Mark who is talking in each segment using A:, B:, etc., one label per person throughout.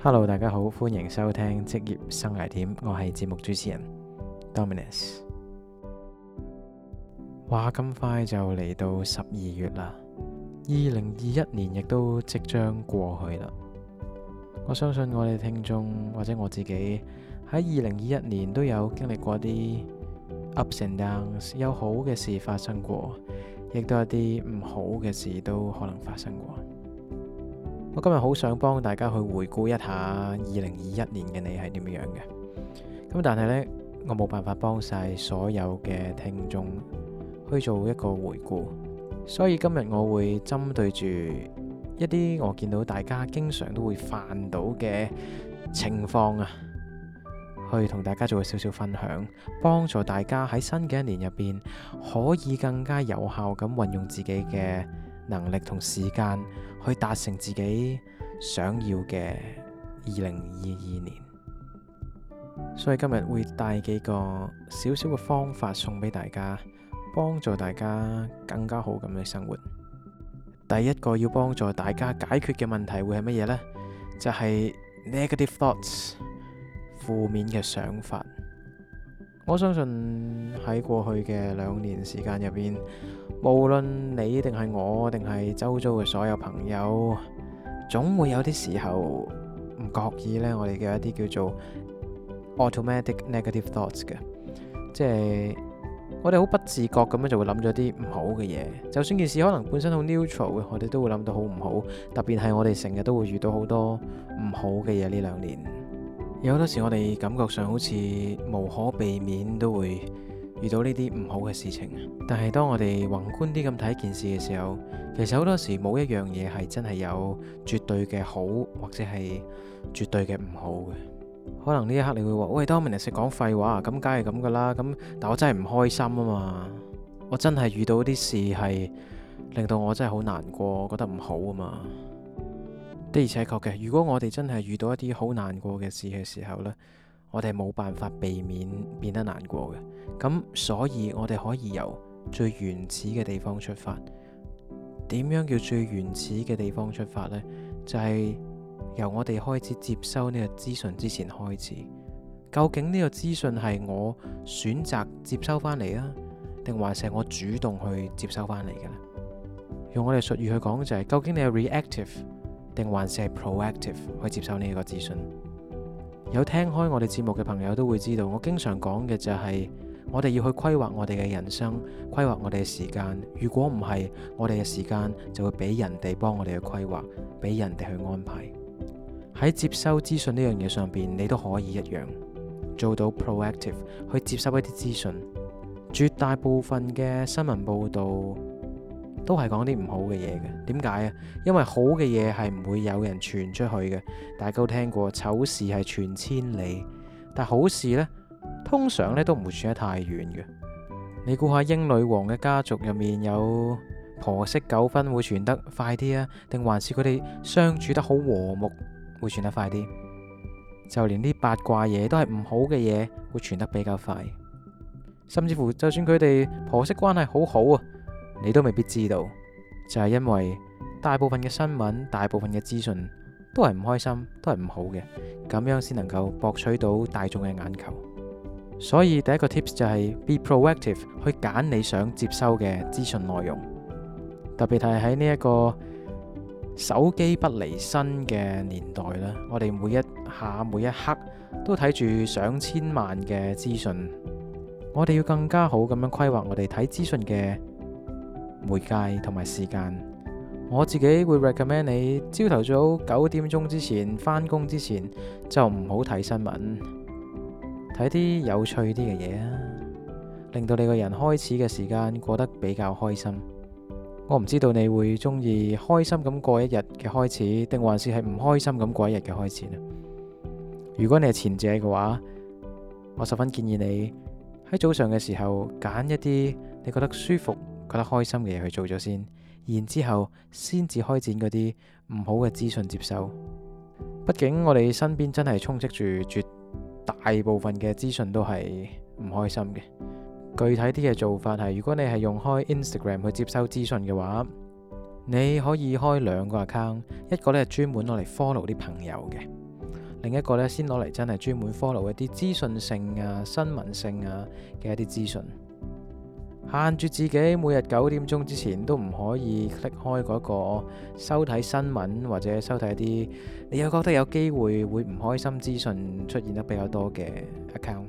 A: Hello，大家好，歡迎收聽職業生涯點，我係節目主持人 Dominus。哇，咁快就嚟到十二月啦，二零二一年亦都即將過去啦。我相信我哋聽眾或者我自己喺二零二一年都有經歷過啲 ups and downs，有好嘅事發生過，亦都有啲唔好嘅事都可能發生過。我今日好想幫大家去回顧一下二零二一年嘅你係點樣嘅，咁但係呢，我冇辦法幫晒所有嘅聽眾去做一個回顧，所以今日我會針對住一啲我見到大家經常都會犯到嘅情況啊，去同大家做少少分享，幫助大家喺新嘅一年入邊可以更加有效咁運用自己嘅能力同時間去達成自己想要嘅二零二二年，所以今日會帶幾個少少嘅方法送俾大家，幫助大家更加好咁樣生活。第一個要幫助大家解決嘅問題會係乜嘢呢？就係 negative thoughts，負面嘅想法。我相信喺過去嘅兩年時間入邊，無論你定係我定係周遭嘅所有朋友，總會有啲時候唔覺意呢。我哋嘅一啲叫做 automatic negative thoughts 嘅，即係我哋好不自覺咁樣就會諗咗啲唔好嘅嘢。就算件事可能本身好 neutral 嘅，我哋都會諗到好唔好。特別係我哋成日都會遇到好多唔好嘅嘢呢兩年。有好多時我哋感覺上好似無可避免都會遇到呢啲唔好嘅事情，但係當我哋宏觀啲咁睇件事嘅時候，其實好多時冇一樣嘢係真係有絕對嘅好或者係絕對嘅唔好嘅。可能呢一刻你會話，喂，Dominus 講廢話啊，咁梗係咁噶啦。咁，但我真係唔開心啊嘛，我真係遇到啲事係令到我真係好難過，覺得唔好啊嘛。的而且確嘅，如果我哋真係遇到一啲好難過嘅事嘅時候呢，我哋冇辦法避免變得難過嘅。咁所以我哋可以由最原始嘅地方出發。點樣叫最原始嘅地方出發呢？就係由我哋開始接收呢個資訊之前開始。究竟呢個資訊係我選擇接收翻嚟啊，定還是我主動去接收翻嚟嘅呢？用我哋術語去講就係，究竟你係 reactive？定還是係 proactive 去接收呢一個資訊。有聽開我哋節目嘅朋友都會知道，我經常講嘅就係、是、我哋要去規劃我哋嘅人生，規劃我哋嘅時間。如果唔係，我哋嘅時間就會俾人哋幫我哋去規劃，俾人哋去安排。喺接收資訊呢樣嘢上邊，你都可以一樣做到 proactive 去接收一啲資訊。絕大部分嘅新聞報道。都係講啲唔好嘅嘢嘅，點解啊？因為好嘅嘢係唔會有人傳出去嘅。大家都聽過，醜事係傳千里，但好事呢，通常呢都唔會傳得太遠嘅。你估下英女王嘅家族入面有婆媳糾紛會傳得快啲啊？定還是佢哋相處得好和睦會傳得快啲？就連啲八卦嘢都係唔好嘅嘢，會傳得比較快。甚至乎，就算佢哋婆媳關係好好啊。你都未必知道，就係因為大部分嘅新聞、大部分嘅資訊都係唔開心，都係唔好嘅，咁樣先能夠博取到大眾嘅眼球。所以第一個 tips 就係 be proactive 去揀你想接收嘅資訊內容，特別係喺呢一個手機不離身嘅年代啦。我哋每一下每一刻都睇住上千萬嘅資訊，我哋要更加好咁樣規劃我哋睇資訊嘅。媒介同埋時間，我自己會 recommend 你朝頭早九點鐘之前返工之前就唔好睇新聞，睇啲有趣啲嘅嘢啊，令到你個人開始嘅時間過得比較開心。我唔知道你會中意開心咁過一日嘅開始，定還是係唔開心咁過一日嘅開始啊？如果你係前者嘅話，我十分建議你喺早上嘅時候揀一啲你覺得舒服，覺得開心嘅嘢去做咗先，然之後先至開展嗰啲唔好嘅資訊接收。畢竟我哋身邊真係充斥住絕大部分嘅資訊都係唔開心嘅。具體啲嘅做法係，如果你係用開 Instagram 去接收資訊嘅話，你可以開兩個 account，一個呢係專門攞嚟 follow 啲朋友嘅，另一個呢先攞嚟真係專門 follow 一啲資訊性啊、新聞性啊嘅一啲資訊。限住自己每日九點鐘之前都唔可以 click 開嗰個收睇新聞或者收睇啲你又覺得有機會會唔開心資訊出現得比較多嘅 account，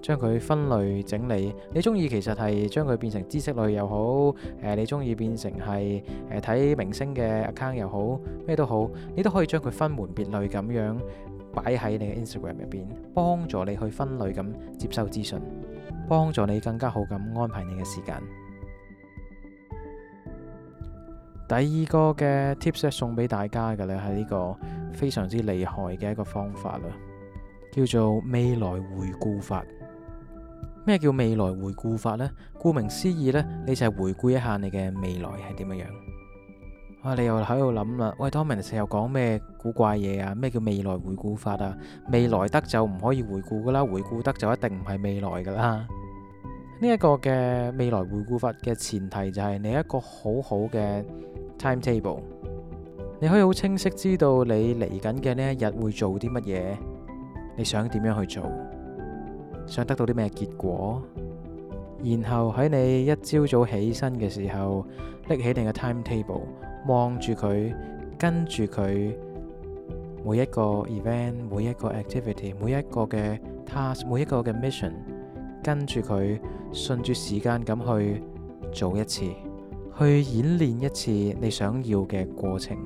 A: 將佢分類整理。你中意其實係將佢變成知識類又好，誒、呃、你中意變成係誒睇明星嘅 account 又好，咩都好，你都可以將佢分門別類咁樣擺喺你嘅 Instagram 入邊，幫助你去分類咁接收資訊。幫助你更加好咁安排你嘅時間。第二個嘅 tips 送俾大家嘅咧，係呢個非常之厲害嘅一個方法啦，叫做未來回顧法。咩叫未來回顧法呢？顧名思義呢，你就係回顧一下你嘅未來係點樣。哇！你又喺度諗啦，喂，Tommy 成日講咩古怪嘢啊？咩叫未來回顧法啊？未來得就唔可以回顧噶啦，回顧得就一定唔係未來噶啦。呢一個嘅未來回顧法嘅前提就係你一個好好嘅 timetable，你可以好清晰知道你嚟緊嘅呢一日會做啲乜嘢，你想點樣去做，想得到啲咩結果。然後喺你一朝早起身嘅時候，拎起你嘅 timetable，望住佢，跟住佢每一個 event、每一個 activity、每一個嘅 task、每一個嘅 mission，跟住佢，順住時間咁去做一次，去演練一次你想要嘅過程，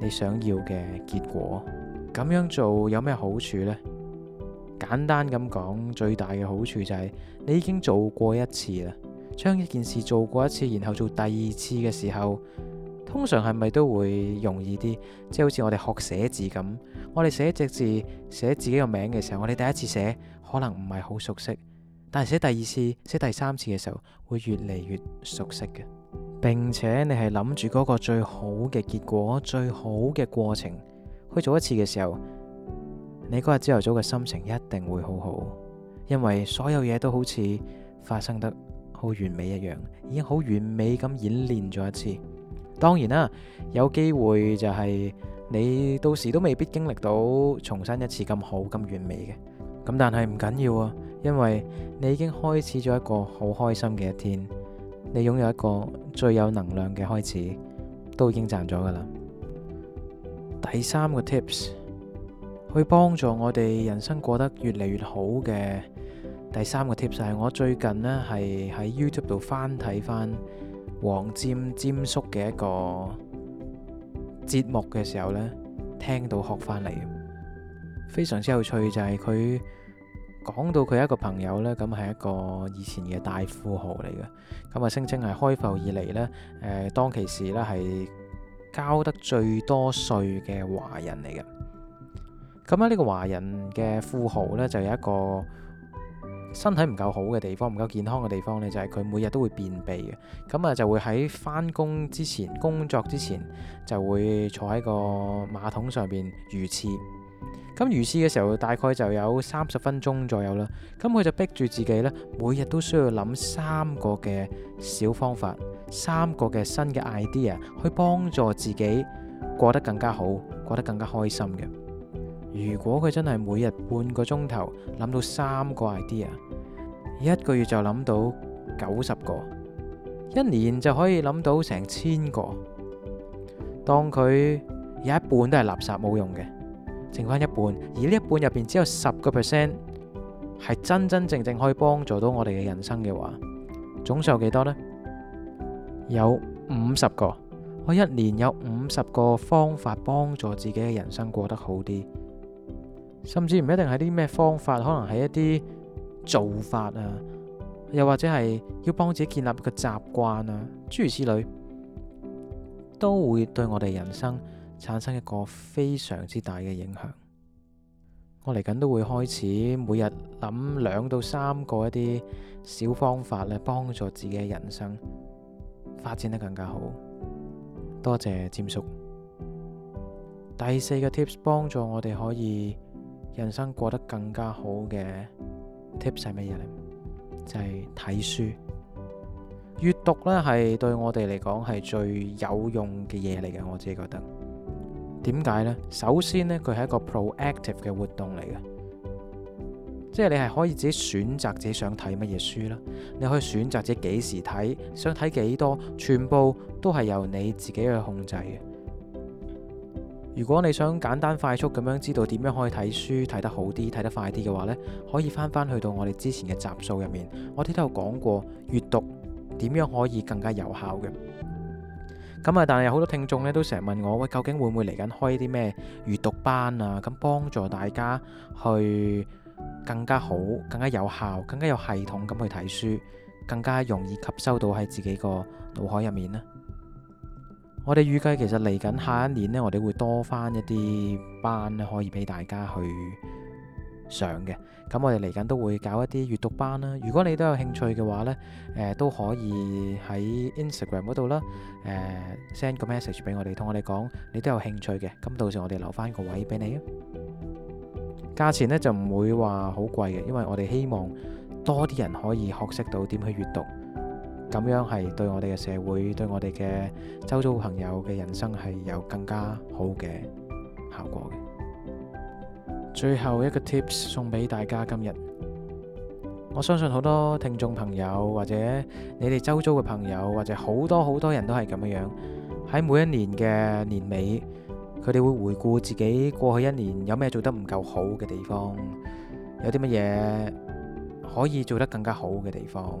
A: 你想要嘅結果。咁樣做有咩好處呢？簡單咁講，最大嘅好處就係你已經做過一次啦。將一件事做過一次，然後做第二次嘅時候，通常係咪都會容易啲？即係好似我哋學寫字咁，我哋寫一隻字，寫自己個名嘅時候，我哋第一次寫可能唔係好熟悉，但係寫第二次、寫第三次嘅時候，會越嚟越熟悉嘅。並且你係諗住嗰個最好嘅結果、最好嘅過程，去做一次嘅時候。你嗰日朝頭早嘅心情一定會好好，因為所有嘢都好似發生得好完美一樣，已經好完美咁演練咗一次。當然啦，有機會就係你到時都未必經歷到重新一次咁好咁完美嘅。咁但係唔緊要啊，因為你已經開始咗一個好開心嘅一天，你擁有一個最有能量嘅開始，都已經賺咗噶啦。第三個 tips。去幫助我哋人生過得越嚟越好嘅第三個貼士，就係我最近呢，係喺 YouTube 度翻睇翻黃霑霑叔嘅一個節目嘅時候呢，聽到學翻嚟，非常之有趣。就係佢講到佢一個朋友呢，咁係一個以前嘅大富豪嚟嘅，咁啊聲稱係開埠以嚟呢，誒、呃、當其時呢，係交得最多稅嘅華人嚟嘅。咁咧，呢個華人嘅富豪呢，就有一個身體唔夠好嘅地方，唔夠健康嘅地方呢就係佢每日都會便秘嘅。咁啊，就會喺翻工之前、工作之前就會坐喺個馬桶上面如廁。咁如廁嘅時候，大概就有三十分鐘左右啦。咁佢就逼住自己呢，每日都需要諗三個嘅小方法，三個嘅新嘅 idea，去幫助自己過得更加好，過得更加開心嘅。如果佢真係每日半個鐘頭諗到三個 idea，一個月就諗到九十個，一年就可以諗到成千個。當佢有一半都係垃圾冇用嘅，剩翻一半，而呢一半入邊只有十個 percent 係真真正正可以幫助到我哋嘅人生嘅話，總數有幾多呢？有五十個。我一年有五十個方法幫助自己嘅人生過得好啲。甚至唔一定係啲咩方法，可能係一啲做法啊，又或者係要幫自己建立一個習慣啊，諸如此類，都會對我哋人生產生一個非常之大嘅影響。我嚟緊都會開始每日諗兩到三個一啲小方法嚟幫助自己嘅人生發展得更加好。多謝占叔，第四個 tips 幫助我哋可以。人生過得更加好嘅 tips 係乜嘢呢？就係睇書，閱讀呢係對我哋嚟講係最有用嘅嘢嚟嘅，我自己覺得。點解呢？首先呢，佢係一個 proactive 嘅活動嚟嘅，即係你係可以自己選擇自己想睇乜嘢書啦，你可以選擇自己幾時睇，想睇幾多，全部都係由你自己去控制嘅。如果你想簡單快速咁樣知道點樣可以睇書睇得好啲、睇得快啲嘅話呢，可以翻翻去到我哋之前嘅集數入面，我哋都有講過閱讀點樣可以更加有效嘅。咁啊，但係有好多聽眾呢都成日問我喂，究竟會唔會嚟緊開啲咩閱讀班啊？咁幫助大家去更加好、更加有效、更加有系統咁去睇書，更加容易吸收到喺自己個腦海入面咧。我哋預計其實嚟緊下一年呢，我哋會多翻一啲班可以俾大家去上嘅。咁我哋嚟緊都會搞一啲閱讀班啦。如果你都有興趣嘅話呢，誒、呃、都可以喺 Instagram 嗰度啦，誒、呃、send 個 message 俾我哋，同我哋講你都有興趣嘅。咁到時我哋留翻個位俾你啊。價錢呢就唔會話好貴嘅，因為我哋希望多啲人可以學識到點去閱讀。咁樣係對我哋嘅社會，對我哋嘅周遭朋友嘅人生係有更加好嘅效果嘅。最後一個 tips 送俾大家今日，我相信好多聽眾朋友或者你哋周遭嘅朋友或者好多好多人都係咁樣樣，喺每一年嘅年尾，佢哋會回顧自己過去一年有咩做得唔夠好嘅地方，有啲乜嘢可以做得更加好嘅地方。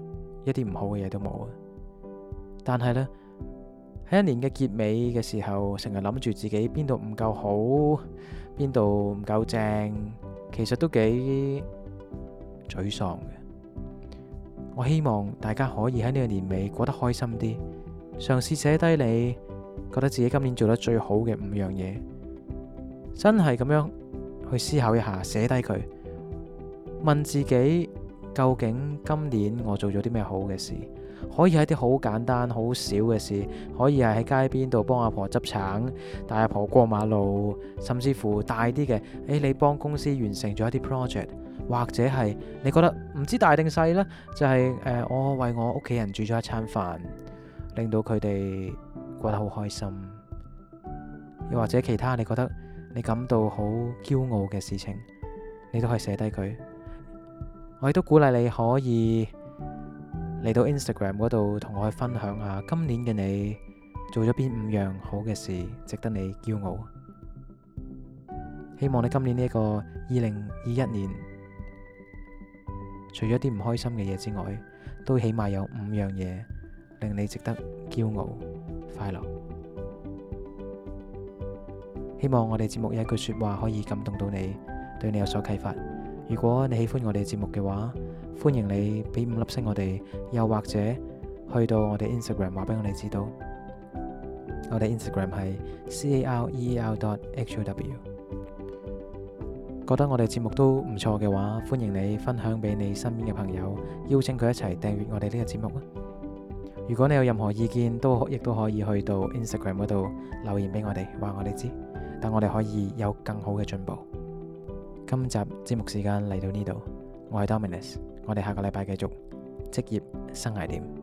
A: 一啲唔好嘅嘢都冇啊！但係呢，喺一年嘅結尾嘅時候，成日諗住自己邊度唔夠好，邊度唔夠正，其實都幾沮喪。我希望大家可以喺呢個年尾過得開心啲，嘗試寫低你覺得自己今年做得最好嘅五樣嘢，真係咁樣去思考一下，寫低佢，問自己。究竟今年我做咗啲咩好嘅事？可以係啲好簡單、好少嘅事，可以係喺街邊度幫阿婆執橙，帶阿婆過馬路，甚至乎大啲嘅，誒、哎，你幫公司完成咗一啲 project，或者係你覺得唔知大定細啦，就係、是呃，我為我屋企人煮咗一餐飯，令到佢哋過得好開心，又或者其他你覺得你感到好驕傲嘅事情，你都可以寫低佢。我亦都鼓勵你可以嚟到 Instagram 嗰度同我去分享下今年嘅你做咗邊五樣好嘅事，值得你驕傲。希望你今年呢個二零二一年，除咗啲唔開心嘅嘢之外，都起碼有五樣嘢令你值得驕傲、快樂。希望我哋節目有一句說話可以感動到你，對你有所啟發。如果你喜歡我哋節目嘅話，歡迎你俾五粒星我哋，又或者去到我哋 Instagram 話俾我哋知道。我哋 Instagram 係 c a r e e r. h o w。覺得我哋節目都唔錯嘅話，歡迎你分享俾你身邊嘅朋友，邀請佢一齊訂閱我哋呢個節目啊！如果你有任何意見，都亦都可以去到 Instagram 嗰度留言俾我哋，話我哋知，等我哋可以有更好嘅進步。今集節目時間嚟到呢度，我係 Dominus，我哋下個禮拜繼續職業生涯點。